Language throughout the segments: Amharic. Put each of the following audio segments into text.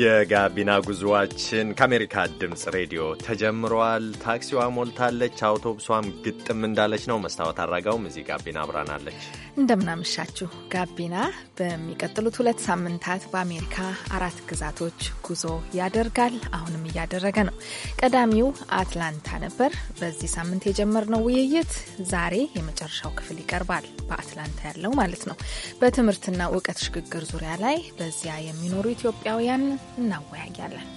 የጋቢና ጉዞዋችን ከአሜሪካ ድምፅ ሬዲዮ ተጀምሯል። ታክሲዋ ሞልታለች፣ አውቶቡሷም ግጥም እንዳለች ነው። መስታወት አድራጋውም እዚህ ጋቢና አብራናለች። እንደምናመሻችሁ ጋቢና በሚቀጥሉት ሁለት ሳምንታት በአሜሪካ አራት ግዛቶች ጉዞ ያደርጋል። አሁንም እያደረገ ነው። ቀዳሚው አትላንታ ነበር። በዚህ ሳምንት የጀመርነው ውይይት ዛሬ የመጨረሻው ክፍል ይቀርባል። በአትላንታ ያለው ማለት ነው። በትምህርትና እውቀት ሽግግር ዙሪያ ላይ በዚያ የሚኖሩ ኢትዮጵያውያን እናወያያለን።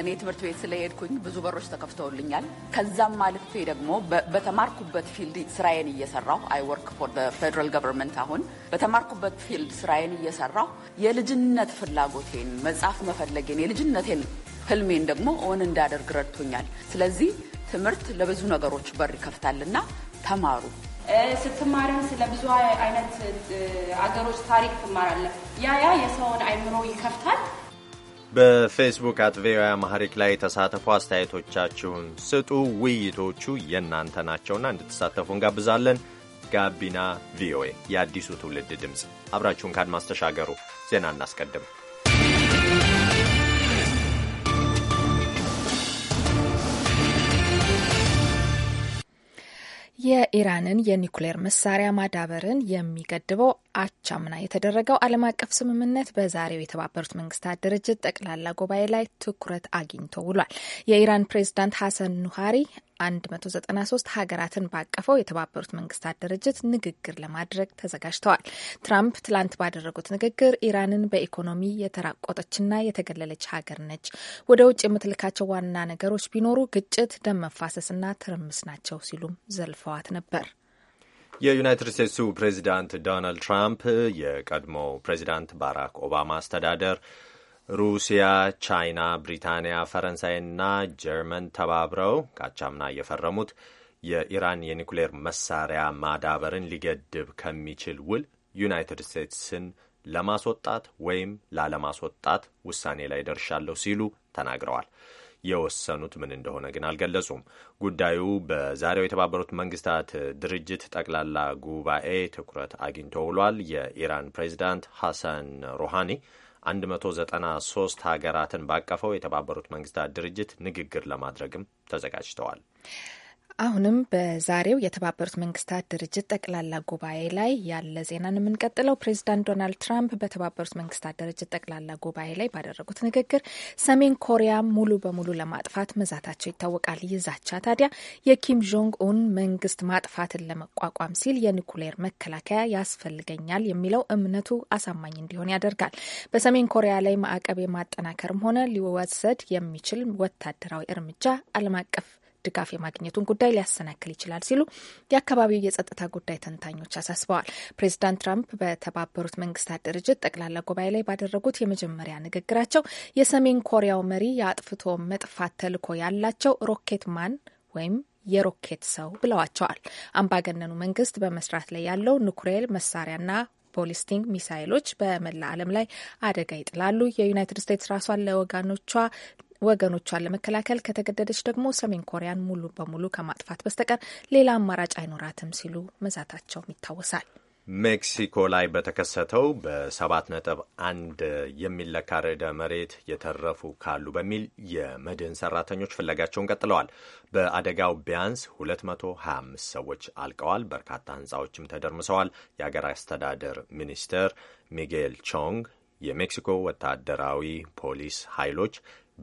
እኔ ትምህርት ቤት ስለሄድኩኝ ብዙ በሮች ተከፍተውልኛል። ከዛም አልፌ ደግሞ በተማርኩበት ፊልድ ስራዬን እየሰራሁ አይ ወርክ ፎር ፌደራል ገቨርንመንት አሁን በተማርኩበት ፊልድ ስራዬን እየሰራሁ የልጅነት ፍላጎቴን መጽሐፍ መፈለጌን የልጅነቴን ህልሜን ደግሞ እውን እንዳደርግ ረድቶኛል። ስለዚህ ትምህርት ለብዙ ነገሮች በር ይከፍታልና ተማሩ። ስትማርም ስለ ብዙ አይነት አገሮች ታሪክ ትማራለህ። ያ ያ የሰውን አይምሮ ይከፍታል። በፌስቡክ አት ቪኦኤ አማህሪክ ላይ የተሳተፉ አስተያየቶቻችሁን ስጡ። ውይይቶቹ የእናንተ ናቸውና እንድትሳተፉ እንጋብዛለን። ጋቢና ቪኦኤ የአዲሱ ትውልድ ድምፅ፣ አብራችሁን ካድማስ ተሻገሩ። ዜና እናስቀድም። የኢራንን የኒውክሌር መሳሪያ ማዳበርን የሚገድበው አቻምና የተደረገው ዓለም አቀፍ ስምምነት በዛሬው የተባበሩት መንግስታት ድርጅት ጠቅላላ ጉባኤ ላይ ትኩረት አግኝቶ ውሏል። የኢራን ፕሬዚዳንት ሐሰን ኑሃሪ 193 ሀገራትን ባቀፈው የተባበሩት መንግስታት ድርጅት ንግግር ለማድረግ ተዘጋጅተዋል። ትራምፕ ትላንት ባደረጉት ንግግር ኢራንን በኢኮኖሚ የተራቆጠችና የተገለለች ሀገር ነች፣ ወደ ውጭ የምትልካቸው ዋና ነገሮች ቢኖሩ ግጭት፣ ደም መፋሰስና ትርምስ ናቸው ሲሉም ዘልፈዋት ነበር። የዩናይትድ ስቴትሱ ፕሬዚዳንት ዶናልድ ትራምፕ የቀድሞ ፕሬዚዳንት ባራክ ኦባማ አስተዳደር ሩሲያ፣ ቻይና፣ ብሪታንያ፣ ፈረንሳይና ጀርመን ተባብረው ካቻምና የፈረሙት የኢራን የኒኩሌር መሳሪያ ማዳበርን ሊገድብ ከሚችል ውል ዩናይትድ ስቴትስን ለማስወጣት ወይም ላለማስወጣት ውሳኔ ላይ ደርሻለሁ ሲሉ ተናግረዋል። የወሰኑት ምን እንደሆነ ግን አልገለጹም። ጉዳዩ በዛሬው የተባበሩት መንግስታት ድርጅት ጠቅላላ ጉባኤ ትኩረት አግኝቶ ውሏል። የኢራን ፕሬዚዳንት ሐሰን ሩሃኒ 193 ሀገራትን ባቀፈው የተባበሩት መንግስታት ድርጅት ንግግር ለማድረግም ተዘጋጅተዋል። አሁንም በዛሬው የተባበሩት መንግስታት ድርጅት ጠቅላላ ጉባኤ ላይ ያለ ዜናን የምንቀጥለው ፕሬዚዳንት ዶናልድ ትራምፕ በተባበሩት መንግስታት ድርጅት ጠቅላላ ጉባኤ ላይ ባደረጉት ንግግር ሰሜን ኮሪያ ሙሉ በሙሉ ለማጥፋት መዛታቸው ይታወቃል። ይዛቻ ታዲያ የኪም ጆንግ ኡን መንግስት ማጥፋትን ለመቋቋም ሲል የኒኩሌር መከላከያ ያስፈልገኛል የሚለው እምነቱ አሳማኝ እንዲሆን ያደርጋል። በሰሜን ኮሪያ ላይ ማዕቀብ የማጠናከርም ሆነ ሊወሰድ የሚችል ወታደራዊ እርምጃ ዓለም አቀፍ ድጋፍ የማግኘቱን ጉዳይ ሊያሰናክል ይችላል ሲሉ የአካባቢው የጸጥታ ጉዳይ ተንታኞች አሳስበዋል። ፕሬዚዳንት ትራምፕ በተባበሩት መንግስታት ድርጅት ጠቅላላ ጉባኤ ላይ ባደረጉት የመጀመሪያ ንግግራቸው የሰሜን ኮሪያው መሪ የአጥፍቶ መጥፋት ተልዕኮ ያላቸው ሮኬት ማን ወይም የሮኬት ሰው ብለዋቸዋል። አምባገነኑ መንግስት በመስራት ላይ ያለው ኑክሌር መሳሪያና ቦሊስቲክ ሚሳይሎች በመላ ዓለም ላይ አደጋ ይጥላሉ። የዩናይትድ ስቴትስ ራሷን ለወገኖቿ ወገኖቿን ለመከላከል ከተገደደች ደግሞ ሰሜን ኮሪያን ሙሉ በሙሉ ከማጥፋት በስተቀር ሌላ አማራጭ አይኖራትም ሲሉ መዛታቸውም ይታወሳል። ሜክሲኮ ላይ በተከሰተው በሰባት ነጥብ አንድ የሚለካ ርዕደ መሬት የተረፉ ካሉ በሚል የመድህን ሰራተኞች ፍለጋቸውን ቀጥለዋል። በአደጋው ቢያንስ 225 ሰዎች አልቀዋል። በርካታ ህንፃዎችም ተደርምሰዋል። የአገር አስተዳደር ሚኒስትር ሚጌል ቾንግ የሜክሲኮ ወታደራዊ ፖሊስ ኃይሎች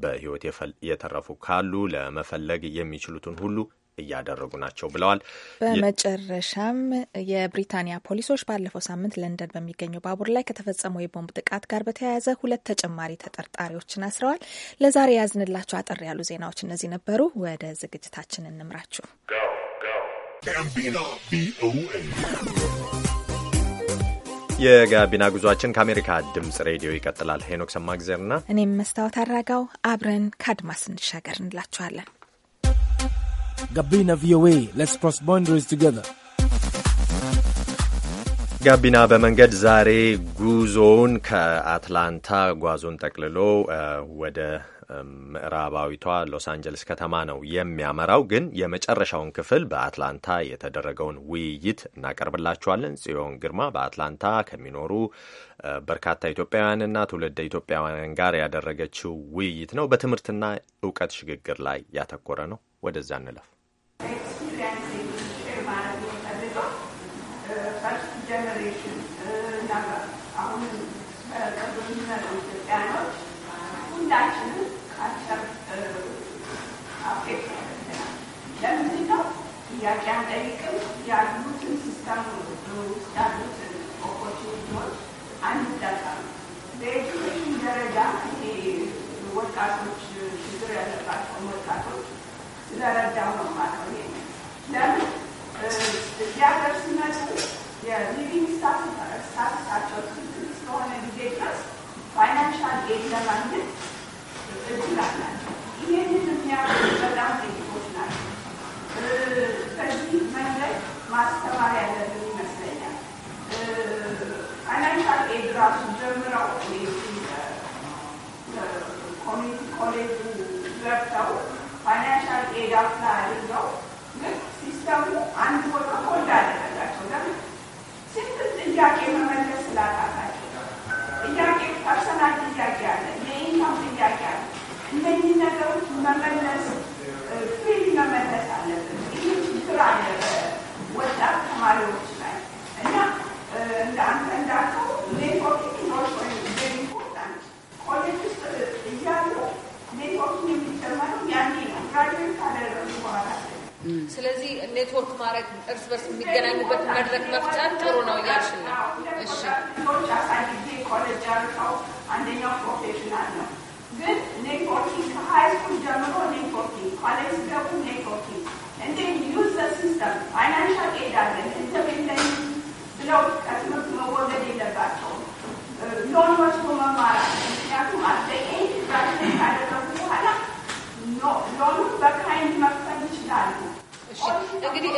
በህይወት የተረፉ ካሉ ለመፈለግ የሚችሉትን ሁሉ እያደረጉ ናቸው ብለዋል። በመጨረሻም የብሪታንያ ፖሊሶች ባለፈው ሳምንት ለንደን በሚገኘው ባቡር ላይ ከተፈጸመው የቦምብ ጥቃት ጋር በተያያዘ ሁለት ተጨማሪ ተጠርጣሪዎችን አስረዋል። ለዛሬ ያዝንላቸው አጠር ያሉ ዜናዎች እነዚህ ነበሩ። ወደ ዝግጅታችን እንምራችሁ። የጋቢና ጉዟችን ከአሜሪካ ድምጽ ሬዲዮ ይቀጥላል። ሄኖክ ሰማግዜርና እኔም መስታወት አድራጋው አብረን ከአድማስ እንሻገር እንላችኋለን። ጋቢና ቪኦኤ ሌትስ ክሮስ ቦንደሪስ ቱጌዘር ጋቢና በመንገድ ዛሬ ጉዞውን ከአትላንታ ጓዞን ጠቅልሎ ወደ ምዕራባዊቷ ሎስ አንጀለስ ከተማ ነው የሚያመራው። ግን የመጨረሻውን ክፍል በአትላንታ የተደረገውን ውይይት እናቀርብላችኋለን። ጽዮን ግርማ በአትላንታ ከሚኖሩ በርካታ ኢትዮጵያውያንና ትውልደ ኢትዮጵያውያን ጋር ያደረገችው ውይይት ነው። በትምህርትና እውቀት ሽግግር ላይ ያተኮረ ነው። ወደዛ እንለፍ። ሁላችንም ለምንድን ነው ጥያቄ አንጠይቅም? ወጣቶች ችግር ፋይናንሻል ኤድ ለማግኘት ችላለን። ይህንን በጣም ጥቂቶች ናቸው። በዚህ መንገድ ማስተማር ይመስለኛል። ፋይናንሻል ጀምረው ፋይናንሻል ኤድ አፕላይ አድርገው ግን ሲስተሙ አንድ ቦታ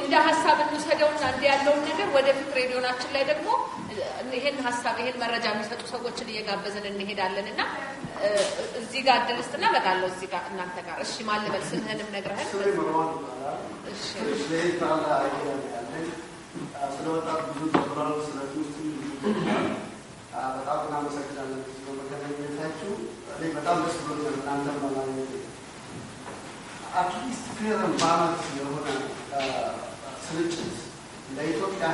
እንደ ሀሳብ እንውሰደውና እንደ ያለውን ነገር ወደፊት ሬዲዮናችን ላይ ደግሞ ይሄን ሀሳብ ይሄን መረጃ የሚሰጡ ሰዎችን እየጋበዝን እንሄዳለን እና እዚህ ጋር እድል ስጥና በቃለሁ እዚህ ጋር እናንተ ጋር እሺ ማልበል ስምህንም ነግረህን በጣም ደስ ብሎኛል እናንተ አትሊስት የሆነ ስርጭት ለኢትዮጵያ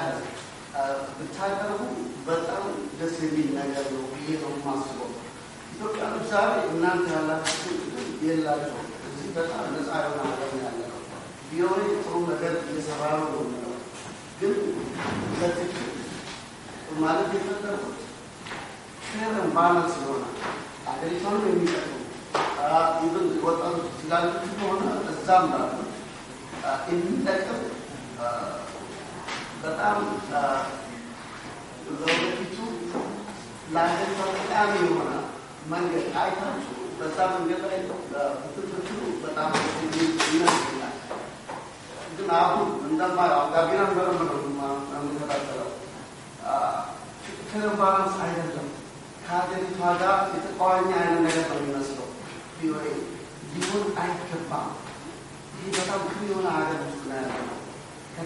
ሕዝብ ብታቀርቡ በጣም ደስ የሚል ነገር ነው ብዬ ነው የማስበው። ኢትዮጵያኖች ዛሬ እናንተ ያላችሁ የላቸው እዚህ በጣም ነፃ የሆነ ሀገር ያለ ቢሆን ጥሩ ነገር እየሰራ ነው ነው ግን በትክክል ማለት የፈለጉት ፌርን ባላንስ ስለሆነ ሀገሪቷንም የሚጠቅሙ ይብን ወጣቶች ስላሉ ሆነ እዛም ላሉ የሚጠቅም በጣም ለወደፊቱ ለአገሪቷ ጠቃሚ የሆነ መንገድ አይታችሁ በዛ መንገድ ላይ ብትሉ በጣም ይመስለኛል። ግን አሁን እንደማየው ጋቢና ምርም የምንከታተለው ክርባንስ አይደለም ከሀገሪቷ ጋር የተቃዋሚ አይነት ነገር ነው የሚመስለው። ቪኦኤ ሊሆን አይገባም። ይህ በጣም ክር የሆነ ሀገር ውስጥ ነው ያለ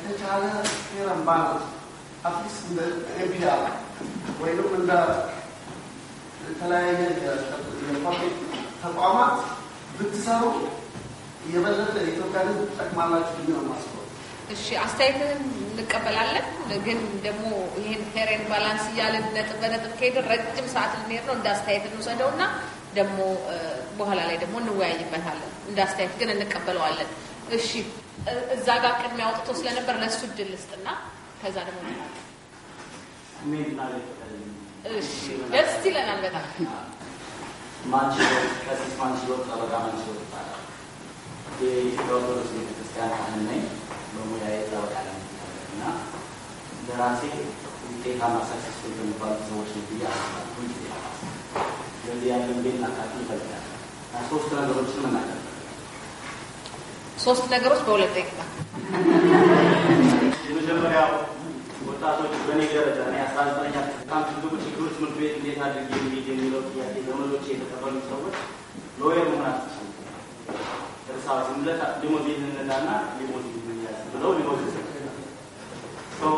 ከተቻለ ፌረን ባላንስ አትሊስት እንደ ኤፒአር ወይም እንደ የተለያየ የፐብሊክ ተቋማት ብትሰሩ የበለጠ ኢትዮጵያ ህዝብ ትጠቅማላችሁ ብዬ ነው የማስበው። እሺ አስተያየትህን እንቀበላለን። ግን ደግሞ ይህን ፌሬን ባላንስ እያልን ነጥብ በነጥብ ከሄድን ረጅም ሰዓት ልንሄድ ነው። እንደ አስተያየት እንውሰደው እና ደግሞ በኋላ ላይ ደግሞ እንወያይበታለን። እንደ አስተያየት ግን እንቀበለዋለን። እሺ እዛ ጋር ቅድሚያ አውጥቶ ስለነበር ለሱ እድል ልስጥና ከዛ ደግሞ እሺ ደስ ይለናል በጣም ማንሽወት ቀሲስ ማንሽወት ጠበቃ ማንሽወት ይባላል። የኢትዮጵያ ኦርቶዶክስ ቤተክርስቲያን ካህን ነኝ። በሙያዬ ጠበቃ ለምትታለት እና ለራሴ ውጤታማ ሰክሰስፉል የሚባሉ ሰዎች ብዬ ስለዚህ ያለን ቤት ይፈልጋል ሶስት ነገሮችን ሶስት ነገሮች በሁለት ደቂቃ የመጀመሪያው ወጣቶች በእኔ ደረጃ እኔ አስራ በጣም ትልቁ ችግሩ ትምህርት ቤት እንዴት የሚሄድ የሚለው ጥያቄ ዘመዶች የተቀበሉ ሰዎች ሎየር መሆን ብለው ሰው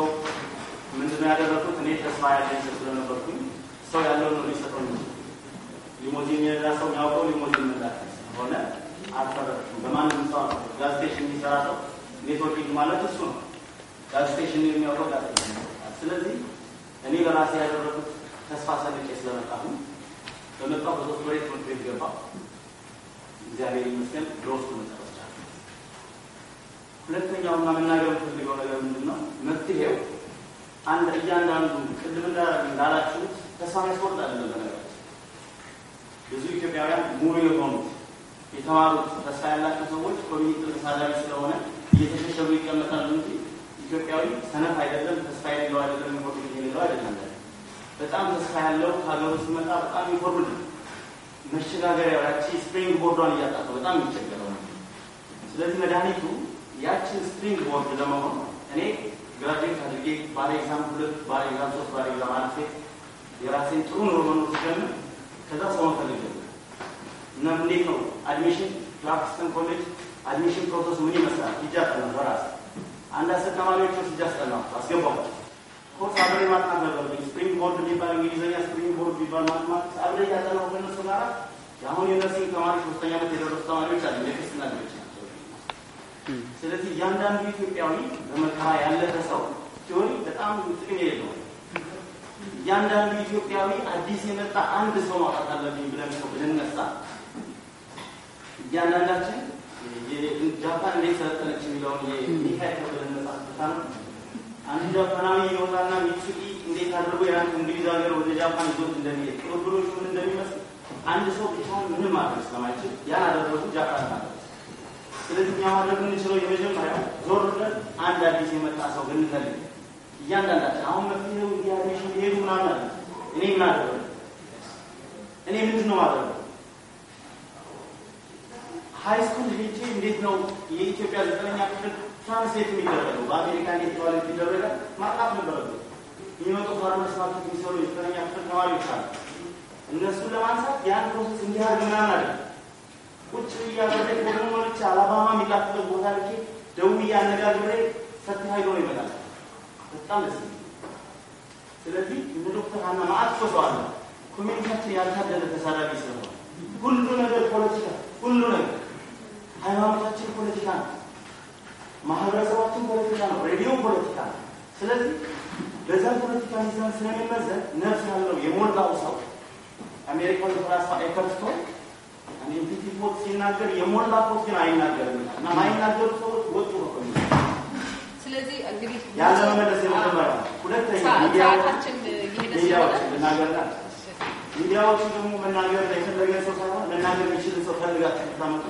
ምንድነው እኔ ተስፋ ያለኝ ስለነበርኩኝ ሰው ያለውን ነው የሚሰጠው። ሊሞዚን የሌላ ሰው ያውቀው ሊሞዚን መላክ ሆነ አልሰረችም። በማንም ሰው ጋዜቴሽን የሚሰራ ሰው ኔትወርኪንግ ማለት እሱ ነው። ጋዜቴሽን የሚያውቀው ጋዜቴሽን ይወጣል። ስለዚህ እኔ በራሴ ያደረጉት ተስፋ ሰንቄ ስለመጣሁ በመጣሁ በሶስት ወሬ ትምህርት ቤት ገባ። እግዚአብሔር ይመስገን ድሮስ መጨረሻል። ሁለተኛውና መናገር ፈልገው ነገር ምንድን ነው? መፍትሄው አንድ እያንዳንዱ ቅድም እንዳላችሁት ተስፋ ያስቆርጥ አለ። በነገራችን ብዙ ኢትዮጵያውያን ሙሉ የሆኑት የተማሩት ተስፋ ያላቸው ሰዎች ኮሚኒቲ ተሳዳቢ ስለሆነ እየተሸሸጉ ይቀመጣሉ እንጂ ኢትዮጵያዊ ሰነፍ አይደለም፣ ተስፋ የሌለው አይደለም፣ የሚኮርድ የሌለው አይደለም። በጣም ተስፋ ያለው ከሀገሩ ሲመጣ በጣም ይፈሩል። መሸጋገሪያ ያቺ ስፕሪንግ ቦርዷን እያጣፈ በጣም የሚቸገረው ነው። ስለዚህ መድኃኒቱ ያችን ስፕሪንግ ቦርድ ለመሆን እኔ ግራጅዌት አድርጌ ባለ ኤግዛም ሁለት ባለ ኤግዛም ሶስት ባለ ኤግዛም አራት የራሴን ጥሩ ኑሮ መኖር ሲጀምር ከዛ ሰው ፈልገ እና እንዴት ነው አድሚሽን ክላክስተን ኮሌጅ አድሚሽን ፕሮሰስ ምን ይመስላል? ሂጃ ጠና በራስ አንድ አስር ተማሪዎች ሂጃ አስጠና አስገባቸው። ኮርስ አብሬ ማጥናት ነበረብኝ። ስፕሪንግ ቦርድ የሚባል እንግሊዝኛ ስፕሪንግ ቦርድ የሚባል ማጥናት አብሬ ያጠናው ከነሱ ጋራ የአሁን ዩኒቨርሲቲ ተማሪዎች ሶስተኛ ዓመት የደረሱ ተማሪዎች አሉ። የክርስትና ናቸው። ስለዚህ እያንዳንዱ ኢትዮጵያዊ በመከራ ያለፈ ሰው ሲሆን በጣም ጥቅም የለው እያንዳንዱ ኢትዮጵያዊ አዲስ የመጣ አንድ ሰው ማውጣት አለብኝ ብለን ብንነሳ እያንዳንዳችን ጃፓን እንዴት ሰለጠነች የሚለውን የሚካይ ተብለን መጽሐፍ ነው። አንድ ጃፓናዊ የሆታና እንዴት አድርጎ የአንድ እንግሊዝ ሀገር ወደ ጃፓን ይዞት እንደሚሄድ ቅብብሎች ምን እንደሚመስል አንድ ሰው ብቻውን ምንም ማድረግ ስለማይችል ያን አደረጉ ጃፓን ማለት። ስለዚህ እኛ ማድረግ የምንችለው ዞር ብለን አንድ አዲስ የመጣ ሰው ብንፈልግ እያንዳንዳችን አሁን መፍትሄው ሄዱ ምናምን አለ እኔ ምን እኔ ምንድን ነው ማድረግ ሃይስኩል ሄጄ እንዴት ነው የኢትዮጵያ ዘጠነኛ ክፍል ትራንስሌት የሚደረገው? በአሜሪካ እንዴት ተዋለ የሚደረገ ማጥናት ነበረበት። የሚመጡ ፋርመስ የሚሰሩ የዘጠነኛ ክፍል ተማሪዎች አሉ። እነሱን ለማንሳት ያን ፕሮሰስ እንዲያርግ ምናምን አለ ቁጭ እያበረ ደግሞ አላባማ የሚላክበት ቦታ ልኬ ደውዬ እያነጋግሬ ሰርቲፋይ ነው ይመጣል። በጣም ደስ ስለዚህ እንደ ዶክተር ሀና ማአት ሶሰዋለ ኮሚኒቲያችን ያልታደለ ተሳዳቢ ስለሆነ ሁሉ ነገር ፖለቲካ ሁሉ ነገር ሃይማኖታችን ፖለቲካ ነው። ማህበረሰባችን ፖለቲካ ነው። ሬዲዮ ፖለቲካ ነው። ስለዚህ በዛ ፖለቲካ ሚዛን ስለሚመዘን ነፍስ ያለው የሞላው ሰው አሜሪካ ራሷ አይከርቶ አንዲቲ ፖት ሲናገር የሞላ ፖት ግን አይናገርም እና ማይናገሩ ሰዎች ወጡ ነው። ስለዚህ እንግዲህ ያለ መመለስ የመጀመሪያ ሁለተኛ ሚዲያዎችን ልናገርና ሚዲያዎችን ደግሞ መናገር ላይ የፈለገ ሰው ሳይሆን መናገር የሚችል ሰው ፈልጋችሁ ታመጡ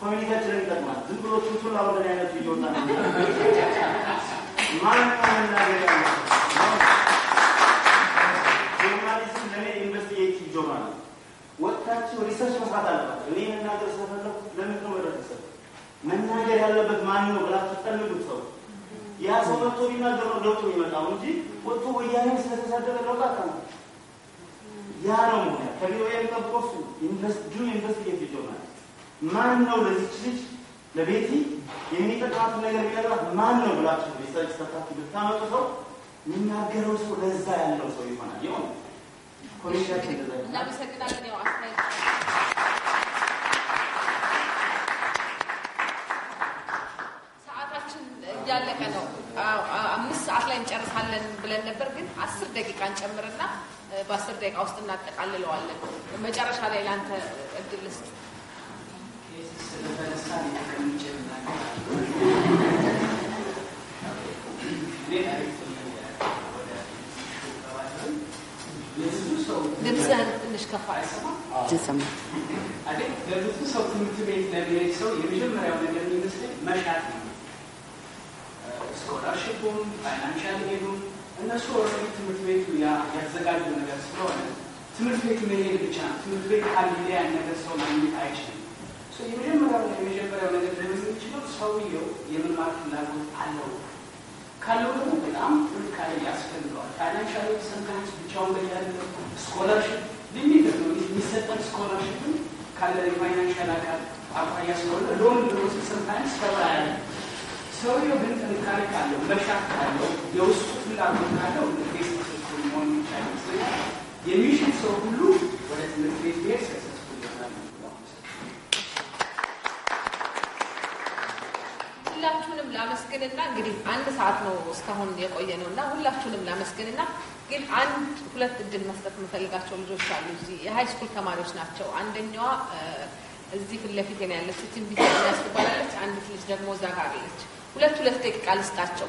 ኮሚኒቲያችንን ይጠቅማል። ዝም ብሎ ሱሱን አሁን አይነቱ እየወጣ ነው። ማን ጆርናሊዝም ለእኔ ኢንቨስቲጌቲቭ ጆርናል ወጥታችሁ ሪሰርች መስራት አለባቸው። እኔ መናገር ስለፈለኩ ለምን ነው መድረስ መናገር ያለበት ማን ነው ብላችሁ ጠልጉት። ሰው ያ ሰው መጥቶ ቢናገር ነው ለውጡ የሚመጣው እንጂ ወጥቶ ወያኔ ስለተሳደበ ለውጥ አታሙ ያ ነው ሆነ ከቪኦኤ የሚጠብቆ ኢንቨስት ዱ ኢንቨስቲጌቲቭ ጆርናል ማን ነው ለዚች ልጅ ለቤቲ የሚጠቃቱ ነገር ቢነግራት ማን ነው ብላችሁ ቤተሰብ ሰርታችሁ ብታመጡ ሰው የሚናገረው ሰው ለዛ ያለው ሰው ይሆናል። ይሆን ኮሚሽናችን ለዛ እናመሰግናለን። ያው አስተያየት ሰዓታችን እያለቀ ነው። አምስት ሰዓት ላይ እንጨርሳለን ብለን ነበር፣ ግን አስር ደቂቃ እንጨምርና በአስር ደቂቃ ውስጥ እናጠቃልለዋለን። መጨረሻ ላይ ለአንተ እድል ስጥ። ለብዙ ሰው ትምህርት ቤት ለሚሄድ ሰው የመጀመሪያው ነገር የሚመስለኝ መሻት ነው። ስኮላርሽፑም ፋይናንሻል ሄዱም እነሱ ኦልሬዲ ትምህርት ቤቱ ያዘጋጁ ነገር ስለሆነ ትምህርት ቤት መሄድ ብቻ ትምህርት ቤት አንድ ያን ነገር ሰው ማግኘት አይችልም። የመጀመሪያው የመጀመሪያው ነገር የምንችለው ሰውየው የመማር ፍላጎት አለው ካለው ደግሞ በጣም ጥንካሬ ያስፈልገዋል። ፋይናንሻል ሰምታንስ ብቻውን በያለ ስኮላርሽፕ ሊሚት የሚሰጠን ስኮላርሽፕን ካለ የፋይናንሻል አካል አኳያ ስለሆነ ሎን ድሮስ ሰምታንስ ተባያለ ሰውየው ግን ጥንካሬ ካለው መሻት ካለው የውስጡ ፍላጎት ካለው ቤት መሆን ይቻላል። የሚሽል ሰው ሁሉ ወደ ትምህርት ቤት ይሄድ ላመስግንና እንግዲህ አንድ ሰዓት ነው እስካሁን የቆየ ነው እና ሁላችሁንም ላመስግንና ግን አንድ ሁለት እድል መስጠት የምፈልጋቸው ልጆች አሉ። እዚህ የሀይ ስኩል ተማሪዎች ናቸው። አንደኛዋ እዚህ ፊት ለፊት ነው ያለች ትንቢት ያስባላለች። አንዲት ልጅ ደግሞ እዛ ጋር አለች። ሁለት ሁለት ደቂቃ ልስጣቸው።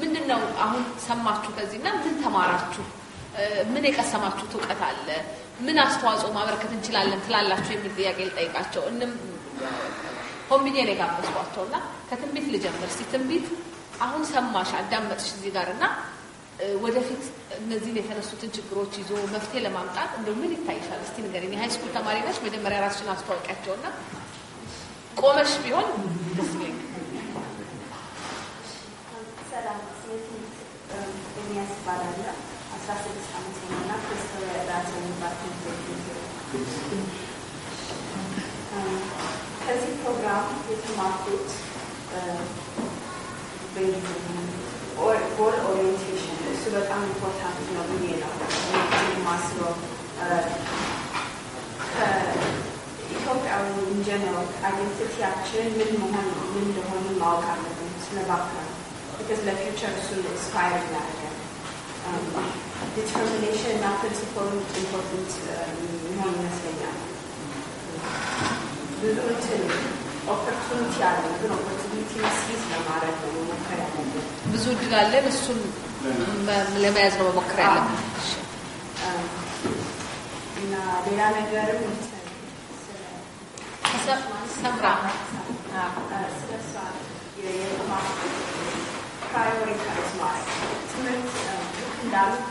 ምንድን ነው አሁን ሰማችሁ ከዚህና ምን ተማራችሁ? ምን የቀሰማችሁት እውቀት አለ? ምን አስተዋጽኦ ማበረከት እንችላለን ትላላችሁ? የሚል ጥያቄ ልጠይቃቸው እንም ኮምቢኔ ነው የጋበዝኳቸው እና ከትንቢት ልጀምር። እስኪ ትንቢት አሁን ሰማሽ አዳመጥሽ እዚህ ጋር እና ወደፊት እነዚህን የተነሱትን ችግሮች ይዞ መፍትሄ ለማምጣት እንደው ምን ይታይሻል? እስቲ ንገሪኝ። የሀይ ስኩል ተማሪ ነች። መጀመሪያ ራስሽን አስተዋወቂያቸውና ቆመሽ ቢሆን ደስ ይለኛል። ሰላም Healthy program with a market uh, or goal orientation. So that I'm important in the media. We think Maslow. He in general identity action, minimum and minimum and minimum and minimum and minimum and Because the future is soon expired. Um, determination and principle is important in the world. ብዙዎችን ኦፖርቹኒቲ እድል አለን፣ እሱም ለመያዝ ነው መሞከር ያለብን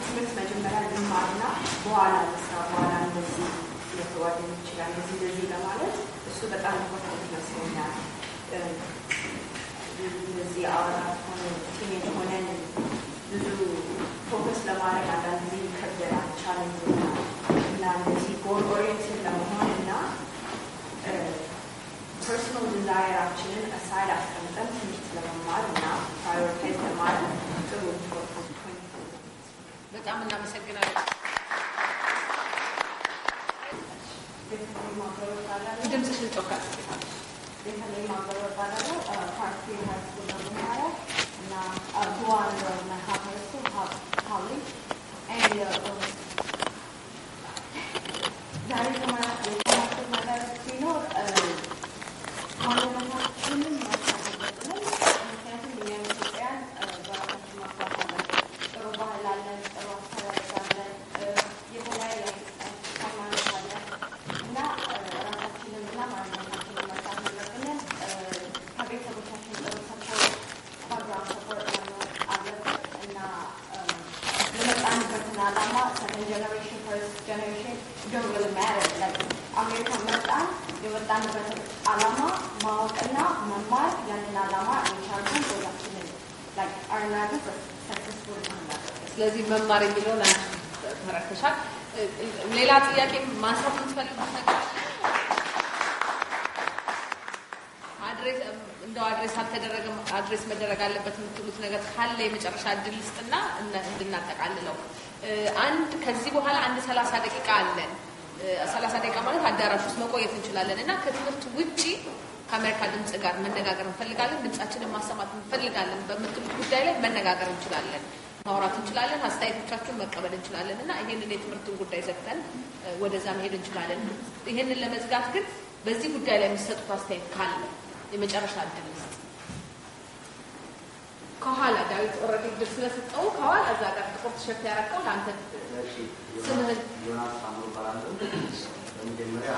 ትምህርት መጀመሪያ ልማርና በኋላ ስራ በኋላ እንደዚህ ለጓደኞች ጋር እንደዚህ እንደዚህ ለማለት እሱ በጣም ኢምፖርታንት ይመስለኛል። እንደዚህ አዋራት ሆነ ቲኔጅ ሆነን ብዙ ፎከስ ለማድረግ አንዳንድ ጊዜ ይከብደናል። ቻለንጅ እና እንደዚህ ጎል ኦሪየንትድ ለመሆን እና ፐርሶናል ዲዛይራችንን አሳይድ አስቀምጠን ትምህርት ለመማር እና ፕራዮሪታይዝ ለማድረግ ጥሩ በጣም እናመሰግናለን። ድምፅሽን ጮካ እና ስለዚህ መማር የሚለውን አንቺ ተረክተሻል። ሌላ ጥያቄ ማንሳት የምትፈልጉት ነገር እንደው አድሬስ አልተደረገም አድሬስ መደረግ አለበት የምትሉት ነገር ካለ የመጨረሻ እድል ውስጥና እንድናጠቃልለው አንድ ከዚህ በኋላ አንድ ሰላሳ ደቂቃ አለን። ሰላሳ ደቂቃ ማለት አዳራሽ ውስጥ መቆየት እንችላለን እና ከትምህርት ውጪ ከአሜሪካ ድምፅ ጋር መነጋገር እንፈልጋለን፣ ድምፃችንን ማሰማት እንፈልጋለን በምትሉ ጉዳይ ላይ መነጋገር እንችላለን፣ ማውራት እንችላለን፣ አስተያየቶቻችሁን መቀበል እንችላለን እና ይህንን የትምህርትን ጉዳይ ዘግተን ወደዛ መሄድ እንችላለን። ይህንን ለመዝጋት ግን በዚህ ጉዳይ ላይ የሚሰጡት አስተያየት ካለ የመጨረሻ እድል ውስጥ ከኋላ ዳዊት ኦልሬዲ እድል ስለሰጠው ከኋላ እዛ ጋር ጥቁር ትሸርት ያረቀው ለአንተ ስምህን በመጀመሪያ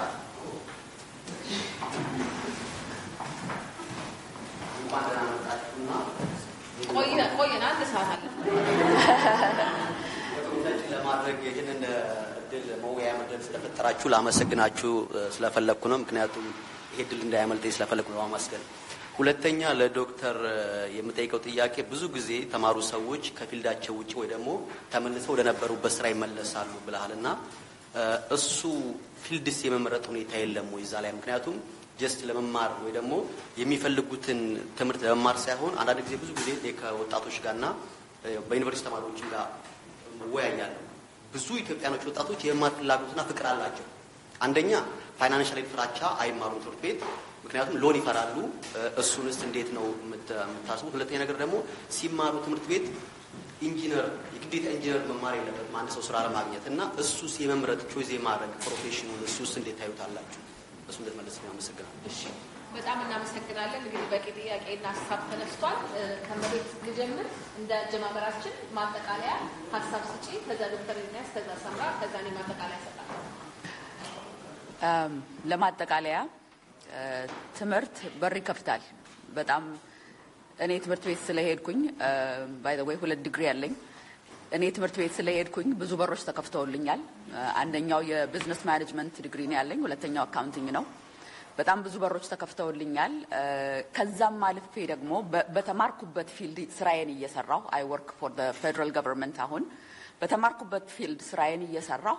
እድል መወያያ መድረክ ስለፈጠራችሁ ላመሰግናችሁ ስለፈለግኩ ነው። ምክንያቱም ይሄ እድል እንዳያመልጠኝ ስለፈለግኩ ነው ማመስገን። ሁለተኛ ለዶክተር የምጠይቀው ጥያቄ ብዙ ጊዜ ተማሩ ሰዎች ከፊልዳቸው ውጭ ወይ ደግሞ ተመልሰው ወደነበሩበት ስራ ይመለሳሉ ብለሃል እና እሱ ፊልድስ የመመረጥ ሁኔታ የለም ወይ እዛ ላይ? ምክንያቱም ጀስት ለመማር ወይ ደግሞ የሚፈልጉትን ትምህርት ለመማር ሳይሆን አንዳንድ ጊዜ ብዙ ጊዜ ከወጣቶች ጋርና በዩኒቨርሲቲ ተማሪዎችን ጋር እወያያለሁ ብዙ ኢትዮጵያኖች ወጣቶች የመማር ፍላጎትና ፍቅር አላቸው። አንደኛ ፋይናንሻል ፍራቻ አይማሩም ትምህርት ቤት ምክንያቱም ሎን ይፈራሉ። እሱንስ እንዴት ነው የምታስቡት? ሁለተኛ ነገር ደግሞ ሲማሩ ትምህርት ቤት ኢንጂነር የግዴታ ኢንጂነር መማር የለበትም አንድ ሰው ስራ ለማግኘት እና እሱስ የመምረጥ ቾይዝ የማድረግ ፕሮፌሽኑን እሱስ እንዴት ታዩታላችሁ? እሱ እንደተመለስ ነው። አመሰግናለሁ። እሺ በጣም እናመሰግናለን። እንግዲህ በቂ ጥያቄና ሀሳብ ተነስቷል። ከመሬት ልጀምር። እንደ አጀማመራችን ማጠቃለያ ሀሳብ ስጪ፣ ከዛ ዶክተር ኒያስ፣ ከዛ ሰምራ፣ ከዛ እኔ ማጠቃለያ እሰጣለሁ። ለማጠቃለያ ትምህርት በር ይከፍታል። በጣም እኔ ትምህርት ቤት ስለሄድኩኝ ባይ ዘ ወይ ሁለት ዲግሪ አለኝ። እኔ ትምህርት ቤት ስለሄድኩኝ ብዙ በሮች ተከፍተውልኛል። አንደኛው የቢዝነስ ማኔጅመንት ዲግሪ ነው ያለኝ፣ ሁለተኛው አካውንቲንግ ነው። በጣም ብዙ በሮች ተከፍተውልኛል። ከዛም አልፌ ደግሞ በተማርኩበት ፊልድ ስራዬን እየሰራሁ አይ ወርክ ፎር ፌደራል ገቨርንመንት አሁን በተማርኩበት ፊልድ ስራዬን እየሰራሁ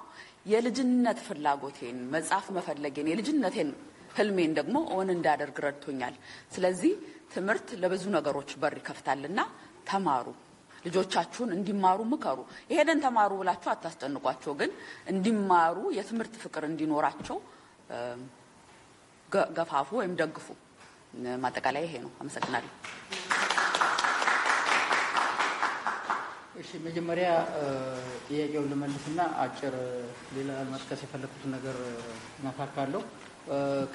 የልጅነት ፍላጎቴን መጻፍ መፈለጌን የልጅነቴን ህልሜን ደግሞ እውን እንዳደርግ ረድቶኛል። ስለዚህ ትምህርት ለብዙ ነገሮች በር ይከፍታልና ተማሩ፣ ልጆቻችሁን እንዲማሩ ምከሩ። ይሄንን ተማሩ ብላችሁ አታስጨንቋቸው፣ ግን እንዲማሩ የትምህርት ፍቅር እንዲኖራቸው ገፋፉ ወይም ደግፉ። ማጠቃላይ ይሄ ነው። አመሰግናለሁ። እሺ መጀመሪያ ጥያቄውን ልመልስና አጭር ሌላ መጥቀስ የፈለግኩት ነገር ነካካለሁ።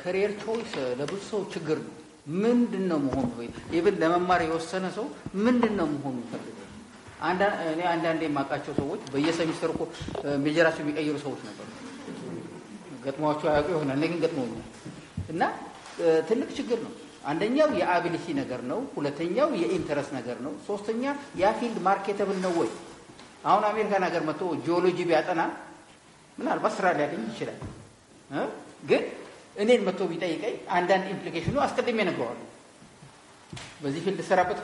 ከሪየር ቾይስ ለብዙ ሰው ችግር ነው። ምንድን ነው መሆኑ ይብን ለመማር የወሰነ ሰው ምንድን ነው መሆኑ ይፈልጋል። እኔ አንዳንዴ የማውቃቸው ሰዎች በየሰሚስተር እኮ ሜጀራቸው የሚቀይሩ ሰዎች ነበሩ። ገጥሟቸው አያውቁ ይሆናል። ግን ገጥሞኛል። እና ትልቅ ችግር ነው። አንደኛው የአቢሊቲ ነገር ነው። ሁለተኛው የኢንተረስት ነገር ነው። ሶስተኛ ያ ፊልድ ማርኬተብል ነው ወይ? አሁን አሜሪካን ሀገር መጥቶ ጂኦሎጂ ቢያጠና ምናልባት ስራ ሊያገኝ ይችላል። ግን እኔን መጥቶ ቢጠይቀኝ አንዳንድ ኢምፕሊኬሽኑ አስቀድሜ ነግረዋለሁ። በዚህ ፊልድ ስራበት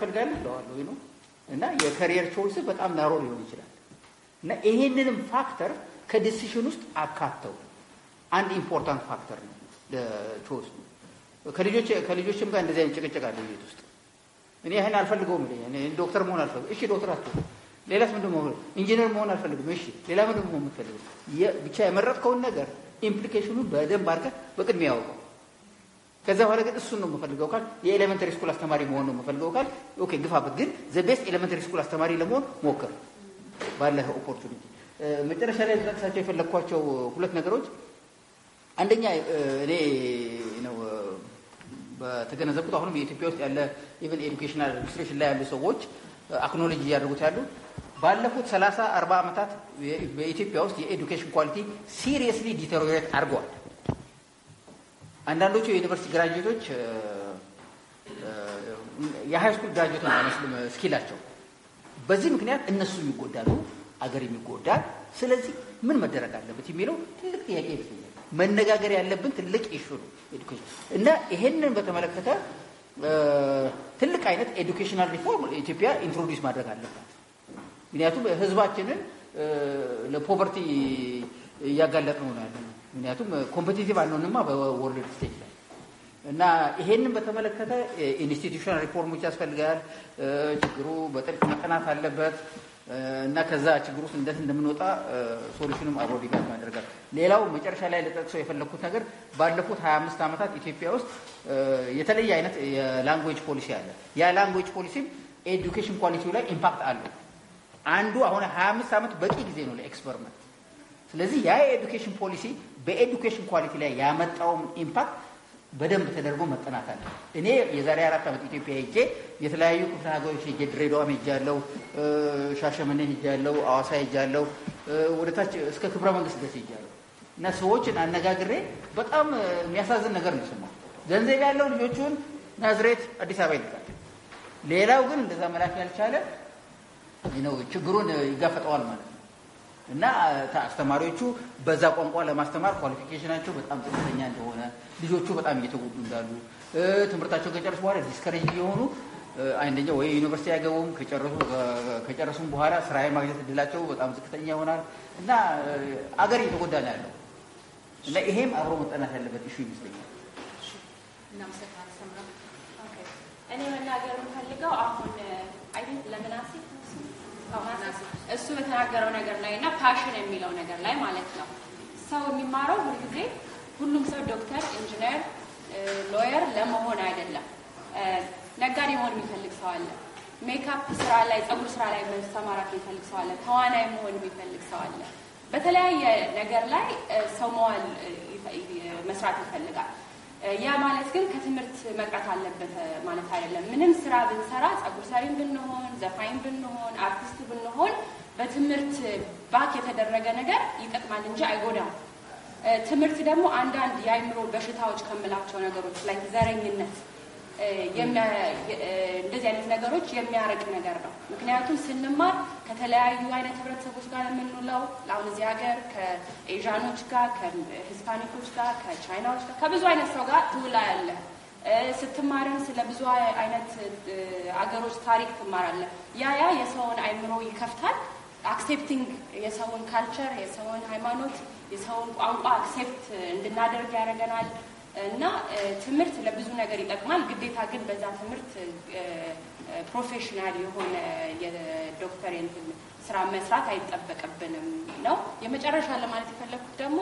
ለዋሉ ወይ ነው እና የከሪየር ቾይስ በጣም ናሮ ሊሆን ይችላል። እና ይሄንንም ፋክተር ከዲሲሽን ውስጥ አካተው አንድ ኢምፖርታንት ፋክተር ነው። ከልጆች ከልጆችም ጋር እንደዚህ አይነት ጭቅጭቅ አለ ቤት ውስጥ። እኔ ይህን አልፈልገውም። ዶክተር መሆን አልፈልግም። እሺ ዶክተር አትሆን። ሌላስ ምንድን መሆን? ኢንጂነር መሆን አልፈልግም። እሺ ሌላ ምንድን መሆን የምትፈልገው? ብቻ የመረጥከውን ነገር ኢምፕሊኬሽኑ በደንብ አድርገህ በቅድሚያ ያውቀው። ከዛ በኋላ ግን እሱን ነው የምፈልገው ካል የኤሌመንተሪ ስኩል አስተማሪ መሆን ነው የምፈልገው ካል ኦኬ ግፋበት። ግን ዘ ቤስት ኤሌመንተሪ ስኩል አስተማሪ ለመሆን ሞክር ባለህ ኦፖርቹኒቲ። መጨረሻ ላይ ልጠቅሳቸው የፈለግኳቸው ሁለት ነገሮች አንደኛ እኔ ነው በተገነዘብኩት አሁንም የኢትዮጵያ ውስጥ ያለ ኢቨን ኤዱኬሽናል አድሚኒስትሬሽን ላይ ያሉ ሰዎች አክኖሎጂ እያደርጉት ያሉ ባለፉት 30 40 ዓመታት በኢትዮጵያ ውስጥ የኤዱኬሽን ኳሊቲ ሲሪየስሊ ዲተሮሬት አድርገዋል። አንዳንዶቹ የዩኒቨርሲቲ ግራጁዌቶች የሃይ ስኩል ግራጁዌት አይመስልም ስኪላቸው። በዚህ ምክንያት እነሱ የሚጎዳሉ፣ አገር የሚጎዳል። ስለዚህ ምን መደረግ አለበት የሚለው ትልቅ ጥያቄ ይመስለኛል። መነጋገር ያለብን ትልቅ ኢሹ ነው እና ይሄንን በተመለከተ ትልቅ አይነት ኤዱኬሽናል ሪፎርም ኢትዮጵያ ኢንትሮዲውስ ማድረግ አለባት። ምክንያቱም ህዝባችንን ለፖቨርቲ እያጋለጥ ነው ያለ ምክንያቱም ኮምፒቲቲቭ አልሆንማ በወርልድ ስቴጅ ላይ እና ይሄንን በተመለከተ ኢንስቲቱሽናል ሪፎርሞች ያስፈልጋል። ችግሩ በጥልቅ መጠናት አለበት። እና ከዛ ችግር ውስጥ እንደት እንደምንወጣ ሶሉሽንም አብሮ ዲጋት ያደርጋል። ሌላው መጨረሻ ላይ ልጠቅሰው የፈለግኩት ነገር ባለፉት 25 ዓመታት ኢትዮጵያ ውስጥ የተለየ አይነት የላንጉዌጅ ፖሊሲ አለ። ያ ላንጉዌጅ ፖሊሲም ኤዱኬሽን ኳሊቲው ላይ ኢምፓክት አለው። አንዱ አሁን 25 ዓመት በቂ ጊዜ ነው ለኤክስፐሪመንት። ስለዚህ ያ የኤዱኬሽን ፖሊሲ በኤዱኬሽን ኳሊቲ ላይ ያመጣውም ኢምፓክት በደንብ ተደርጎ መጠናት አለ። እኔ የዛሬ አራት ዓመት ኢትዮጵያ ሄጄ የተለያዩ ክፍለ ሀገሮች ሄጄ ድሬዳዋም ሄጃለሁ፣ ሻሸመኔ ሄጃለሁ፣ አዋሳ ሄጃለሁ፣ ወደታች እስከ ክብረ መንግስት ደስ ሄጃለሁ እና ሰዎችን አነጋግሬ በጣም የሚያሳዝን ነገር ነው ስማ ገንዘብ ያለው ልጆቹን ናዝሬት አዲስ አበባ ይልካል። ሌላው ግን እንደዛ መላክ ያልቻለ ችግሩን ይጋፈጠዋል ማለት ነው። እና አስተማሪዎቹ በዛ ቋንቋ ለማስተማር ኳሊፊኬሽናቸው በጣም ዝቅተኛ እንደሆነ፣ ልጆቹ በጣም እየተጎዱ እንዳሉ፣ ትምህርታቸው ከጨረሱ በኋላ ዲስከሬጅ እየሆኑ አንደኛ ወይ ዩኒቨርሲቲ አይገቡም፣ ከጨረሱም በኋላ ስራ የማግኘት እድላቸው በጣም ዝቅተኛ ይሆናል እና አገር እየተጎዳ ነው ያለው እና ይሄም አብሮ መጠናት ያለበት ኢሹ ይመስለኛል። እኔ መናገር የምፈልገው አሁን አይ ለምናሴ እሱ በተናገረው ነገር ላይ እና ፓሽን የሚለው ነገር ላይ ማለት ነው። ሰው የሚማረው ሁልጊዜ ሁሉም ሰው ዶክተር፣ ኢንጂነር፣ ሎየር ለመሆን አይደለም። ነጋዴ መሆን የሚፈልግ ሰው አለ። ሜካፕ ስራ ላይ፣ ጸጉር ስራ ላይ መሰማራት የሚፈልግ ሰው አለ። ተዋናይ መሆን የሚፈልግ ሰው አለ። በተለያየ ነገር ላይ ሰው መዋል መስራት ይፈልጋል። ያ ማለት ግን ከትምህርት መቅረት አለበት ማለት አይደለም። ምንም ስራ ብንሰራ፣ ፀጉር ሰሪም ብንሆን፣ ዘፋኝ ብንሆን፣ አርቲስት ብንሆን በትምህርት ባክ የተደረገ ነገር ይጠቅማል እንጂ አይጎዳም። ትምህርት ደግሞ አንዳንድ የአይምሮ በሽታዎች ከምላቸው ነገሮች ላይ ዘረኝነት፣ እንደዚህ አይነት ነገሮች የሚያርቅ ነገር ነው። ምክንያቱም ስንማር ከተለያዩ አይነት ህብረተሰቦች ጋር የምንውለው አሁን እዚህ ሀገር ከኤዣኖች ጋር፣ ከሂስፓኒኮች ጋር፣ ከቻይናዎች ጋር ከብዙ አይነት ሰው ጋር ትውላ ያለ ስትማርን ስለ ብዙ አይነት አገሮች ታሪክ ትማራለህ። ያ ያ የሰውን አይምሮ ይከፍታል። አክሴፕቲንግ የሰውን ካልቸር፣ የሰውን ሃይማኖት፣ የሰውን ቋንቋ አክሴፕት እንድናደርግ ያደርገናል እና ትምህርት ለብዙ ነገር ይጠቅማል። ግዴታ ግን በዛ ትምህርት ፕሮፌሽናል የሆነ የዶክተሬት ስራ መስራት አይጠበቅብንም ነው። የመጨረሻ ለማለት የፈለግኩት ደግሞ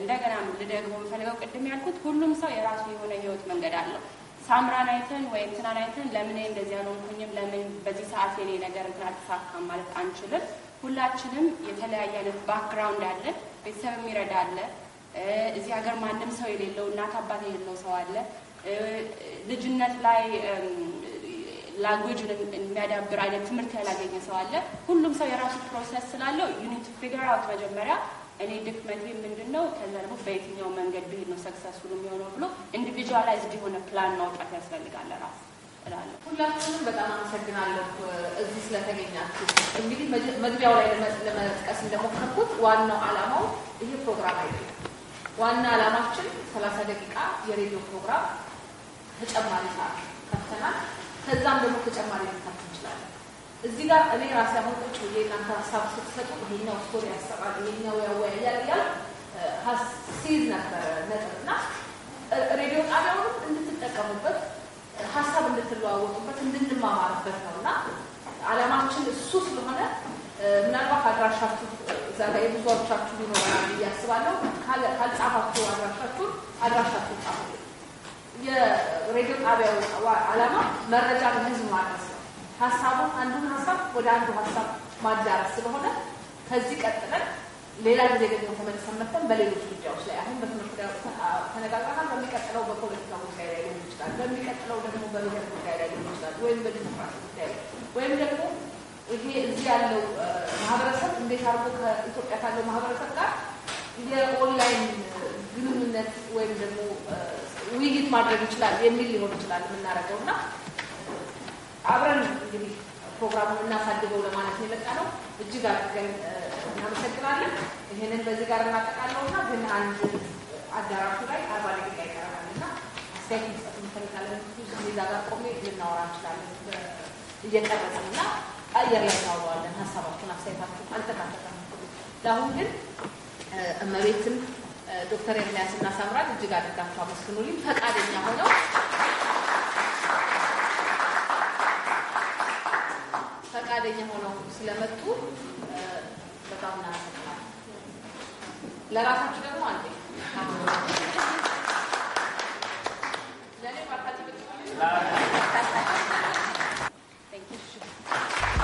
እንደገና ልደግሞ የምፈልገው ቅድም ያልኩት ሁሉም ሰው የራሱ የሆነ ህይወት መንገድ አለው። ሳምራን አይተን ወይ እንትናን አይተን ለምን እንደዚያ ነው ለምን በዚህ ሰዓት የኔ ነገር እንትን አልተሳካም ማለት አንችልም። ሁላችንም የተለያየ አይነት ባክግራውንድ አለ። ቤተሰብ የሚረዳ አለ። እዚህ ሀገር ማንም ሰው የሌለው እናት አባት የሌለው ሰው አለ። ልጅነት ላይ ላንጉጅን የሚያዳብር አይነት ትምህርት ያላገኘ ሰው አለ። ሁሉም ሰው የራሱ ፕሮሰስ ስላለው ዩኒት ፊገር አውት መጀመሪያ እኔ ድክመቴ ምንድን ነው፣ ከዛ ደግሞ በየትኛው መንገድ ብሄድ ነው ሰክሰስፉል የሚሆነው ብሎ ኢንዲቪጁዋላይዝድ የሆነ ፕላን ማውጣት ያስፈልጋል ራሱ እላለሁ። በጣም አመሰግናለሁ እዚህ ስለተገኛችሁ። እንግዲህ መግቢያው ላይ ለመጥቀስ እንደሞከርኩት ዋናው አላማው ይሄ ፕሮግራም አይደለም። ዋና አላማችን ሰላሳ ደቂቃ የሬዲዮ ፕሮግራም ተጨማሪ ሰዓት ከፍተናል። ከዛም ደግሞ ተጨማሪ ልካት እንችላለን እዚህ ጋር እኔ ራሴ አሁን ቁጭ ብዬ እናንተ ሀሳብ ስትሰጡ ይሄኛው ስቶሪ ያሰራል፣ ይሄኛው ያወያያል እያል ሲይዝ ነበረ ነጥብ እና ሬዲዮ ጣቢያውንም እንድትጠቀሙበት ሀሳብ እንድትለዋወጡበት እንድንማማርበት ነው እና አላማችን እሱ ስለሆነ ምናልባት አድራሻችሁ እዛ ላይ ብዙዎቻችሁ ይኖራል ብዬ አስባለሁ። ካልጻፋችሁ አድራሻችሁን አድራሻችሁ ጻፉ። የሬዲዮ ጣቢያው አላማ መረጃ ለህዝብ ማድረስ ሀሳቡን አንዱን ሀሳብ ወደ አንዱ ሀሳብ ማዳረስ ስለሆነ ከዚህ ቀጥለን ሌላ ጊዜ ደግሞ ተመልሰን መጥተን በሌሎች ጉዳዮች ላይ አሁን በትምህርት ተነጋግረናል። በሚቀጥለው በፖለቲካ ጉዳይ ላይ ሊሆን ይችላል። በሚቀጥለው ደግሞ በብሔር ጉዳይ ላይ ሊሆን ይችላል፣ ወይም በዲሞክራሲ ጉዳይ ላይ ወይም ደግሞ ይሄ እዚህ ያለው ማህበረሰብ እንዴት አድርጎ ከኢትዮጵያ ካለው ማህበረሰብ ጋር የኦንላይን ግንኙነት ወይም ደግሞ ውይይት ማድረግ ይችላል የሚል ሊሆን ይችላል የምናደርገው እና አብረን እንግዲህ ፕሮግራሙን እናሳድገው ለማለት ነው የመጣ ነው። እጅግ አድርገን እናመሰግናለን። ይህንን በዚህ ጋር እናጠቃለውና ግን አንድ አዳራሹ ላይ አርባ ደቂቃ ይቀራል እና አስተያየት መስጠት እንፈልጋለን። ዛ ጋር ቆሜ ልናወራ እንችላለን። እየቀረጽን እና አየር ላይ እናውለዋለን። ሀሳባችሁን አስተያየታችሁን አልተካተታም። ለአሁን ግን እመቤትም ዶክተር ኤርሚያስ እናሳምራል እጅግ አድርጋችሁ አመስግኑልኝ ፈቃደኛ ሆነው ፈቃደኛ ሆነው ስለመጡ በጣም እናመሰግናለን። ለራሳችሁ ደግሞ አንዴ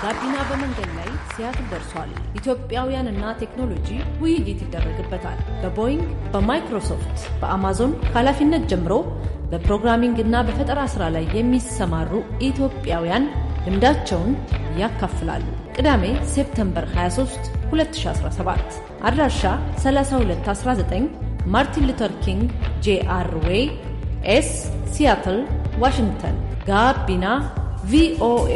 ጋቢና በመንገድ ላይ ሲያትል ደርሷል። ኢትዮጵያውያንና ቴክኖሎጂ ውይይት ይደረግበታል። በቦይንግ፣ በማይክሮሶፍት፣ በአማዞን ከኃላፊነት ጀምሮ በፕሮግራሚንግ እና በፈጠራ ስራ ላይ የሚሰማሩ ኢትዮጵያውያን ልምዳቸውን ያካፍላሉ። ቅዳሜ ሴፕተምበር 23 2017፣ አድራሻ 3219 ማርቲን ሉተር ኪንግ ጄአር ዌይ ኤስ ሲያትል ዋሽንግተን። ጋቢና ቪኦኤ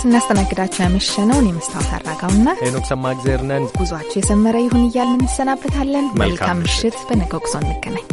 ስናስተናግዳቸው ያመሸነውን የመስታወት አራጋውና ሄኖክ ሰማ ነን። ጉዟቸው የሰመረ ይሁን እያልን እንሰናበታለን። መልካም ምሽት። በነገው ጉዞ እንገናኝ።